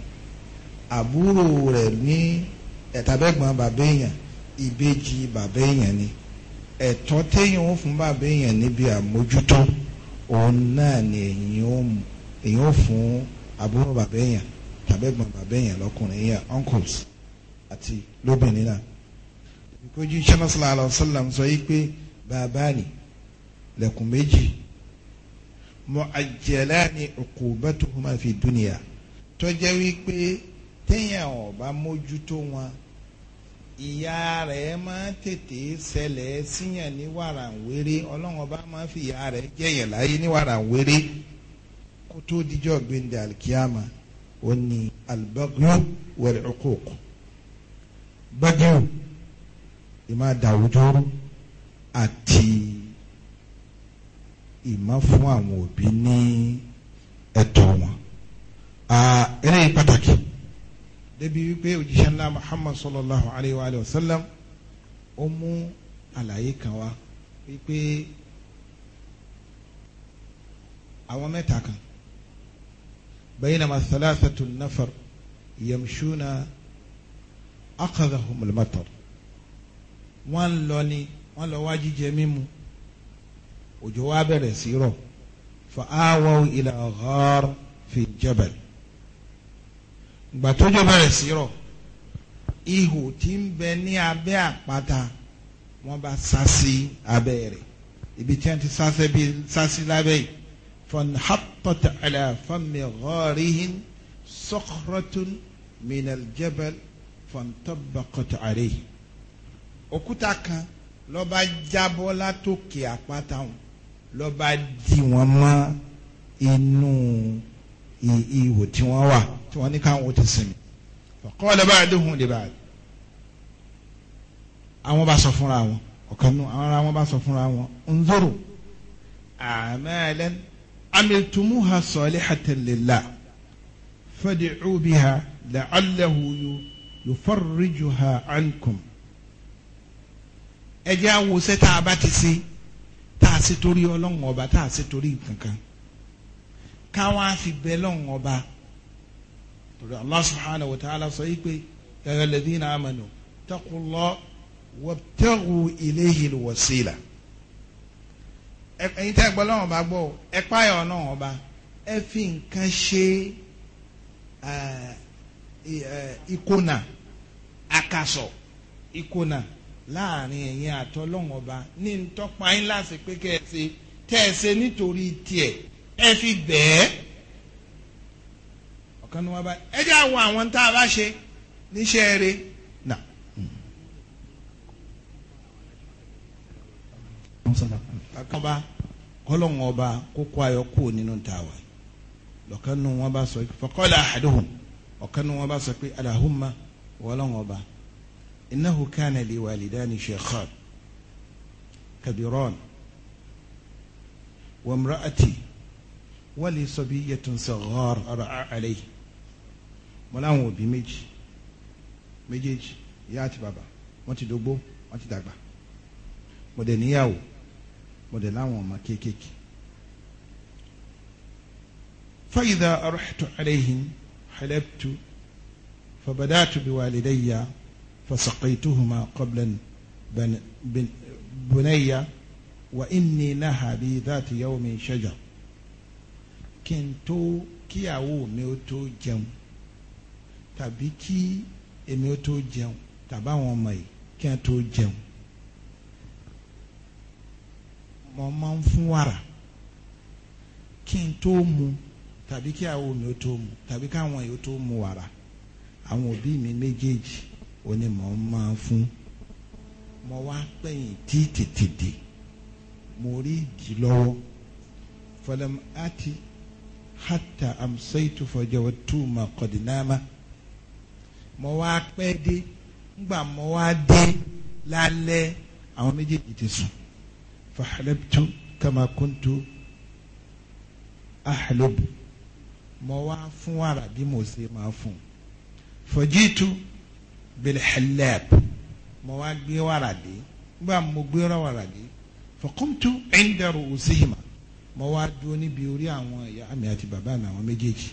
àbúrò rẹ̀ ní ẹ̀tàbẹ́gbọ̀n bàbá èèyàn ìbejì bàbá èèyàn ni ẹ̀tọ́ téèyàn ó fún bàbá èèyàn níbi àmójútó òun náà ni èèyàn ó fún àbúrò bàbá èèyàn tàbí ẹ̀gbọ́n bàbá èèyàn lọ́kùnrin èèyàn uncles àti lóbìnrin náà ìkójú sẹ́nọ́sílà alọ́sọ́làm sọ yìí pé bàbá ni lẹ́kùn méjì mu'ajjalani uqubatuhuma fi dunya tó jẹ́ wípé téèyàn ò bá mójútó wọn ìyá rẹ̀ máa tètè ṣẹlẹ̀ síyàn ní wàràǹwéré ọlọ́run ọba máa fi ìyá rẹ̀ jẹ̀yàn láyé ní wàràǹwéré kó tó dijọ́ gbẹ̀ndẹ̀ alikiyama ó ní albagyu wẹ̀rẹ̀ uquq bagyu ìmá dàwùjọ́rú àti ìmá fún àwọn òbí ní ẹ̀tọ́ wọn. eléyìí pàtàkì débi wípé òjíṣẹ́ ńlá muhammad sallallahu alayhi wa sallam ó mú àlàyé kan wá wípé àwọn mẹ́ta kan baynama thalathatu nafar yamshuna akadahum al-matar wọ́n ń lọ ni wọ́n lọ wá jíjẹ mímu òjò wá bẹ̀rẹ̀ sí rọ̀ fa awaw ila ghar fi jabal ìgbà tójò bẹ̀rẹ̀ sí rọ̀ ihò tí ń bẹ ní abẹ́ àpáta wọ́n bá sá sí abẹ́ rẹ̀ ibi tí wọ́n ti sásẹ́ bí sásí lábẹ́ yìí fanhatat ala fami gharihin sokhratun minal jabal fantabaqat alayhi òkúta kan ló jábọ́ látòkè àpáta wọn ló dì wọ́n mọ́ inú. No ihò tí wọ́n wà tí wọ́n ní káwọn ti sinmi kọ́ọ̀lẹ́ báyìí dóhùn lè báyìí àwọn bá sọ fúnra wọn ọ̀kan nù àwọn ará wọn bá sọ fúnra wọn ń zòrò àmẹ́lẹ́n amiltumuha salihatan lillah fad'u biha la'allahu yufarrijuha ankum ẹ jẹ́ àwọn sẹ́ta bá ti ṣe tá a ṣe torí ọlọ́run ọba tá a ṣe torí kankan. káwọn àfi bẹ́ẹ̀ lọ́hùn ọba torí Allah subhanahu wa ta'ala sọ yìí pé yàrá lẹ́dínà amanu taqullah wabtaghu ilayhi alwasila ẹ̀yin tẹ́ gbọ́ lọ́wọ́n ẹ fi nǹkan ṣe ikona ẹ fi bẹ́ẹ̀ ọ̀kan ni wọ́n bá ẹ jẹ́ àwọn àwọn tá a bá ṣe níṣẹ́ rẹ̀ nà. akọba kọlọ́n ọba kókó ayọ̀ kúrò nínú tàwa lọ́kàn nù wọ́n bá sọ faqala ahaduhum ọ̀kan nù wọ́n bá sọ pé alahumma wọ́lọ́n ọba innahu kana li walidani sheikhan kabiron wa mra'ati wali sabiyyatun saghar alayhi mo láwọn òbí méjì méjèèjì ìyá àti bàbá wọ́n ti dógbó wọ́n ti dàgbà mo dẹ̀ níyàwó mo dẹ̀ láwọn ọmọ kéékèèké. fa idha arahtu alayhim halabtu fabadatu biwalidayya fasaqaytuhuma qablan bunayya wa inni laha bi dhati yawmin shajar kí n tó kíyàwó mi ó tó jẹun tàbí kí èmi ó tó jẹun tàbí àwọn ọmọ yìí kí n tó jẹun mo máa ń fún wàrà kí n tó mu tàbí kí àwọn mi ó tó mu tàbí káwọn yìí ó tó mu wàrà àwọn òbí mi méjèèjì ó ní mo máa ń fún mo wá pẹ̀yìn tí tètè dé mo rí ìdí lọ́wọ́ fọlẹ́m áti hata amsaitu fọjọwọtu ma kọdinama mo wá pẹ́ dé ngbà mo wá dé lálẹ́ àwọn méjèèjì ti sùn fahalabtu kama kuntu ahalobu mo wá fún wàrà bí mo ṣe máa fún fọjítu bilhalab mo wá gbé wàrà dé ngbà mo gbé wàrà dé fọkùntu ẹndaru òsèhìmá mo wá dúró níbi orí àwọn ìyá mi àti bàbá mi àwọn méjèèjì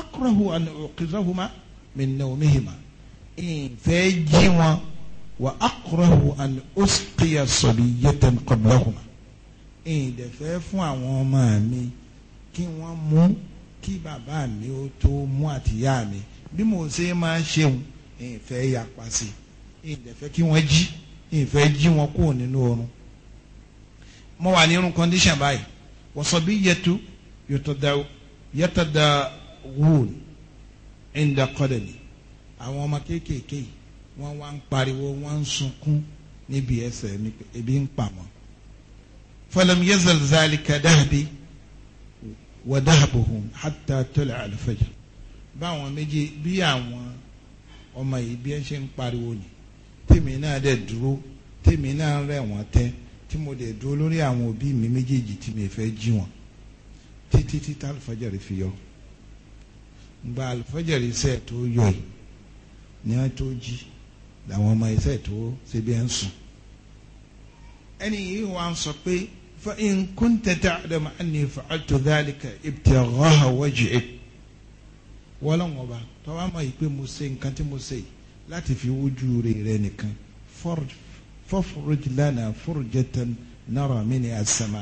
akrahu an uqizahuma min nawmihima ìfẹ́ jí wọn wa akrahu an usqiya sabiyatan qablahuma ìdẹ̀fẹ́ fún àwọn ọmọ mi kí wọ́n mú kí bàbá mi ó tó mú àtìyá mi bí mo ṣe máa ṣeun ìfẹ́ yapa sí ìdẹ̀fẹ́ kí wọ́n jí ìfẹ́ jí wọn kúrò nínú oorun mo wà ní irun condition báyìí wasobiyatu yatada woon ẹnda kọdẹni àwọn ọmọ kéékèèké yìí wọ́n wá ń pariwo wọ́n ń sunkún níbi ẹsẹ̀ ebi ń pa wọn. falam yazal zalika dahbi wa dahbuhum hatta tala alfajr báwọn méjì bí àwọn ọmọ yìí bí ẹ ṣe ń pariwo ni tèmi náà dẹ̀ dúró tèmi náà rẹ̀ wọ́n tẹ́ tí mo dẹ̀ dúró lórí àwọn òbí mi méjèèjì tí mi fẹ́ jí wọn títí títí alifájàre fi yọ gba alifájàre iṣẹ́ tó yọ yìí ni wọ́n tó jí làwọn ọmọ iṣẹ́ tó ṣe bí ẹ̀ ń sùn ẹni yìí wà ń sọ pé fa in kunta ta'lamu anni fa'altu dhalika ibtighaha wajhik wọ́lọ́wọ́n ba tọ́wọ́ mọ̀ yìí pé mo ṣe nǹkan tí mo ṣe láti fi wójú rẹ̀ nìkan fọ́ọ̀rù fọ́fúrújì lánàá fúrújì tán náírà mi ní àsàmà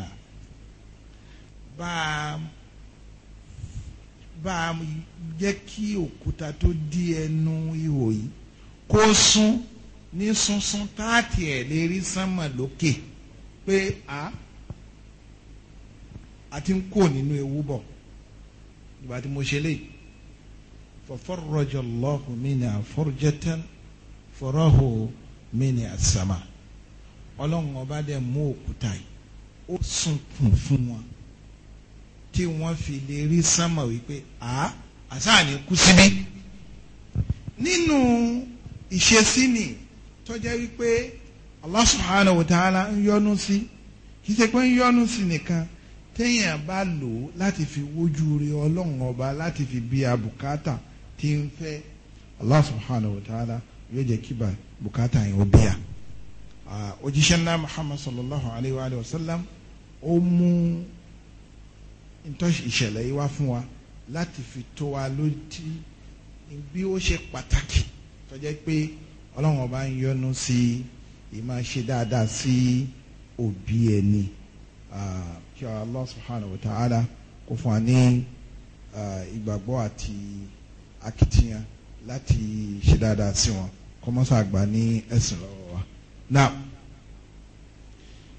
bá a bá a jẹ́ kí òkúta tó di ẹnu ihò yìí kó sún ní sunsun táàtì ẹ̀ lè rí sánmà lókè pé a a ń kó nínú ewu bọ̀ ìgbà tí mo ṣe léyìí fọfọrọjọ lọhùn mí ní àfọrọjẹtẹ fọrọhùn mí àsàmà ọlọ́run ọba dẹ̀ mú òkúta yìí ó sunkún fún wọn tí wọ́n fi lè rí sánmà wípé a àsáàní kú síbí nínú ìṣesí ni tó wípé Allah subhanahu wa ta'ala ń yọ́nú sí kì í ṣe pé ń yọ́nú sí nìkan téèyàn bá lò ó láti fi wójú rí ọlọ́run ọba láti fi bí abùkátà tí ń fẹ́ Allah subhanahu wa ta'ala yóò jẹ́ kí bùkátà yẹn ó bíyà. Ah, òjíṣẹ́ ńlá Muhammad sallallahu alayhi wa sallam ó mú ìṣẹ̀lẹ̀ yìí wá fún wa láti fi tó wa lójú bí ó ṣe pàtàkì tó pé ọlọ́run ọba ń yọ́nú sí ìmọ̀ ṣe dáadáa sí òbí ẹni ah, kí Allah subhanahu wa ta'ala kó fún wa ní ah, ìgbàgbọ́ àti akitiyan láti ṣe dáadáa sí wọn kọ́mọ́sá àgbà ní ẹ̀sìn lọ́wọ́ wa now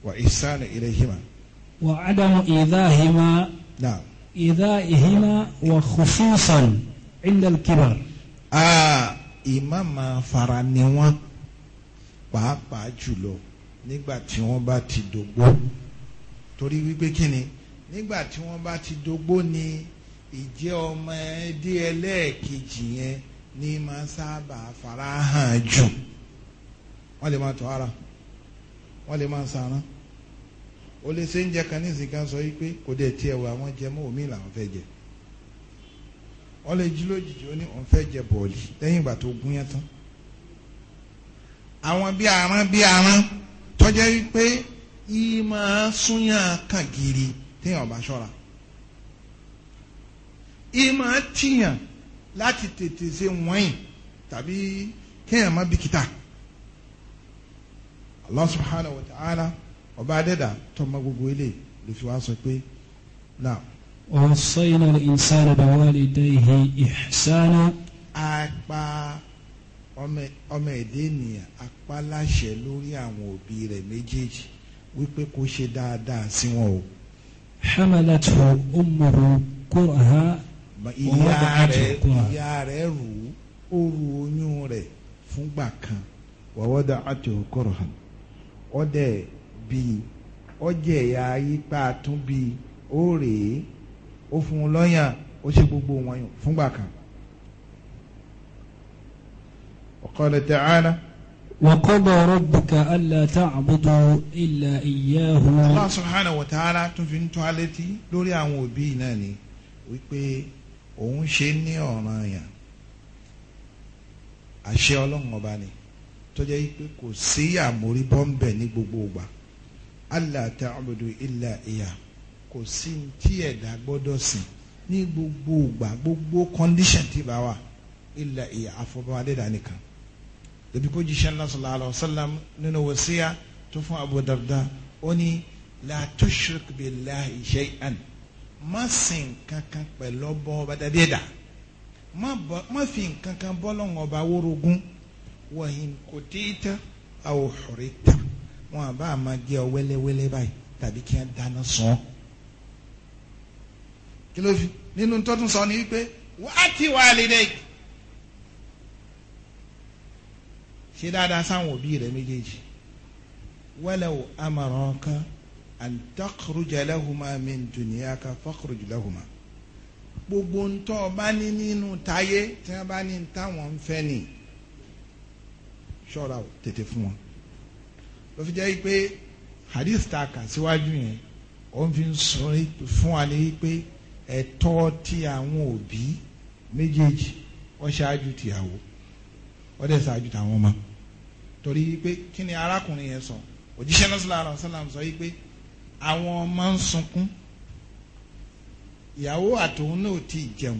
wa isana ilayhima. wa adamu idahima. now. idahima wa khususan inda al-kibar. aa ìmáàmà fara ni wọn pàápàá jùlọ nígbà tí wọ́n bá ti dògbó torí wípé kí ni nígbà tí wọ́n bá ti dògbó ni ìjẹ́ ọmọ ẹdí ẹlẹ́ẹ̀kejì yẹn ni máa sábà fara hàn jù wọ́n lè máa tọ́ ara wọ́n lè máa sàrán o lè ṣe ń jẹ kan nísìnyí kan sọ wípé kò dé tiẹ̀ wọ àwọn jẹ mọ́ omi làwọn fẹ́ jẹ wọ́n lè jí lójijì ó ní òun fẹ́ jẹ bọ̀ọ̀lì lẹ́yìn ìgbà tó gún yẹn tán àwọn bí aràn bí aràn tọ́jẹ́ wípé yìí máa súnyàn kàn gírí téèyàn bá ṣọ́ra yìí máa tìyàn láti tètè ṣe wọ́n yìí tàbí kéèyàn má bìkítà allah subhanahu wa ta'ala ọba adẹ́dà tọ́mọ gbogbo ilé ló fi wá sọ pé náà. ووصينا الإنسان بوالديه إحسانا apá ọmọ ẹ̀dá ènìyàn apá láṣẹ lórí àwọn òbí rẹ̀ méjèèjì wípé kó ṣe dáadáa sí wọn o. hamalathu ummuhu kurha ìyá rẹ̀ ìyá rẹ̀ rù ú ó ru oyún rẹ̀ fúngbà kan wa wada'athu kurha ọdẹ bíi ọjẹ ẹ̀yà ayípa tún bíi ó ó fún un lọ́yàn ó ṣe gbogbo wọn fúngbà kan. وقال تعالى وقضى ربك ألا تعبدوا إلا إياه الله سبحانه وتعالى tún fi ń tó alétí lórí àwọn òbí náà ni wípé òun ṣe ní ọ̀ranyàn àṣẹ ọlọ́run ọba ni tó jẹ́ pé kò sí àmóríbọ́ ń bẹ̀ ní gbogbo ìgbà allah ta'budu illa iya kò sí tí ẹ̀dá gbọ́dọ̀ sìn ní gbogbo ìgbà gbogbo condition tí bá wà illa iya àfọwọ́ adéda nìkan lẹ́bi kó jíṣẹ́ ńlá sallallahu alaihi wasallam nínú wàsíyà tó fún Abu Darda ó ní la tushrik billahi shay'an má sìn kankan pẹ̀lú ọba ọba dàbí ẹ̀dá má fi nǹkan kan ọba wórogún wọ̀hìn kò tí ì tán àwọn òṣèré tán wọn àbá máa gé ọ wẹ́lẹ́wẹ́lẹ́ báyìí tàbí kí wọ́n dáná sọ ọ́. kí ló fi nínú tọ́tún sọ ni wípé wàá ti wà lédè ṣe dáadáa sáwọn òbí rẹ méjèèjì walaw amaraka an takhruja lahuma min dunyaka fakhruj lahuma gbogbo ntọ́ bá ní nínú táyé tí wọ́n bá ní táwọn fẹ́ nìyí ṣọ́ra o tètè fún wọn ló fi jẹ́ pé hadith ta kà síwájú yẹn wọ́n fi ń sọ fún wa ní pé ẹ̀tọ́ ti àwọn òbí méjèèjì wọ́n ṣáájú tìyàwó wọ́n dẹ̀ ṣáájú tàwọn ọmọ torí pé kí ni arákùnrin yẹn sọ òjíṣẹ́ náà sallallahu alaihi wasallam sọ yìí pé àwọn ọmọ ń sunkún ìyàwó àtòun náà ti jẹun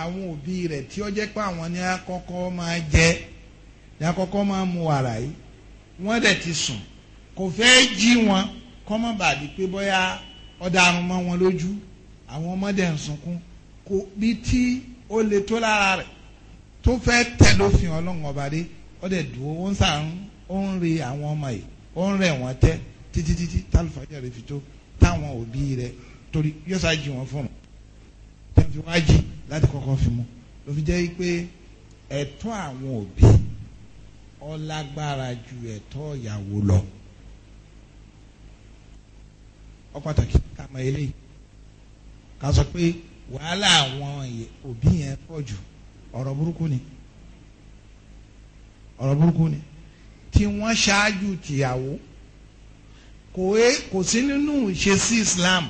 àwọn òbí rẹ̀ tí ó jẹ́ pé àwọn ni àkọ́kọ́ máa jẹ́ ìyá kọ́kọ́ máa mu wàrà yìí wọ́n dẹ̀ ti sùn kò fẹ́ jí wọn kọ́ má bàa di pé bóyá ọ̀daràn mọ́ wọn lójú àwọn ọmọdé ń sunkún kò bí tí ó le tó lára rẹ̀ tó fẹ́ tẹ̀ lófin ọlọ́run ọba dé ó dẹ̀ dúró ó ń sàrún ó ń re àwọn ọmọ yìí ó ń rẹ̀ wọ́n tẹ́ títí títí tálùfájà rẹ̀ fi tó táwọn òbí rẹ̀ torí yóò ṣáà jí wọn fún un tẹ̀ fi wá jí láti kọ́kọ́ fi mu ló fi jẹ́ pé ẹ̀tọ́ àwọn òbí ó lágbára ju ẹ̀tọ́ ìyàwó lọ ó pàtàkì ká mọ eléyìí ká sọ pé wàhálà àwọn òbí yẹn pọ̀ jù ọ̀rọ̀ burúkú ni ọ̀rọ̀ burúkú ni tí wọ́n ṣáájú tìyàwó kò é kò sí nínú ìṣesí Islam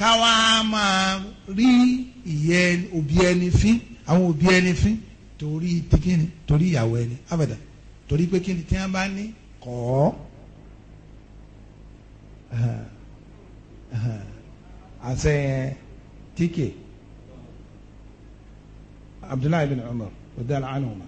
káwa máa rí ìyẹn òbí ẹni fín àwọn òbí ẹni fín torí tikini torí ìyàwó ẹni abẹ́dàá torí pé kí ni tí wọ́n bá ní kọ́ ọ́ àṣẹ yẹn tíkè Abdullahi bin Umar ọ̀dàlá ànàmà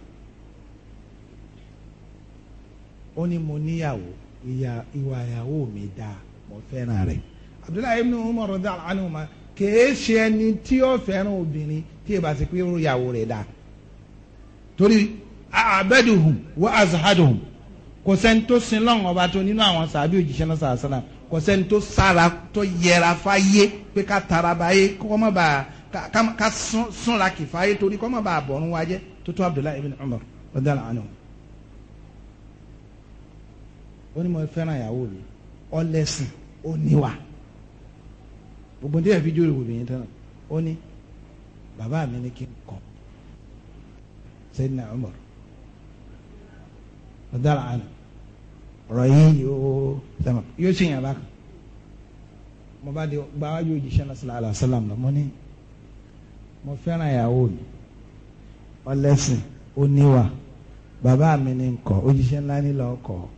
ó ní mo níyàwó ìwà ìyàwó mi dáa mo fẹ́ràn rẹ̀ Abdullahi bin Umar ọ̀dàlá ànàmà kèé ṣe ẹni tí ó fẹ́ràn obìnrin tí ìbá ti rẹ̀ dáa torí àbẹ́dùhùn wọ́n azahadùhùn kò sẹ́ni tó sin lọ́wọ́n ọba tó nínú àwọn sàbí òjíṣẹ́ náà sàásánà kò sẹ́ni tó sára tó yẹra fáyé pé ká tara báyé kọ́ mọ́ bá ká súnra kì fáyé torí kọ́ mọ́ bá bọ̀rún wa jẹ́ tó tó Abdullahi ibn Umar radiyallahu anhu. ó ní mo fẹ́ràn ìyàwó mi ọlẹ́sìn ó níwà gbogbo ní ẹ̀fí jóòrò obìnrin tán ó ní Baba, mi ní kí n kọ́ Sayyidina Umar ọ̀darà ana, ọ̀rọ̀ yìí yóò sẹ́mà yóò sì yàn bákan mo bá di gba wájú òjíṣẹ́ náà sallallahu alaihi wasallam lọ mo ní mo fẹ́ràn ìyàwó mi ọlẹ́sìn oníwà bàbá mi ní nkọ́ òjíṣẹ́ ńlá nílò ọkọ̀ ọ́.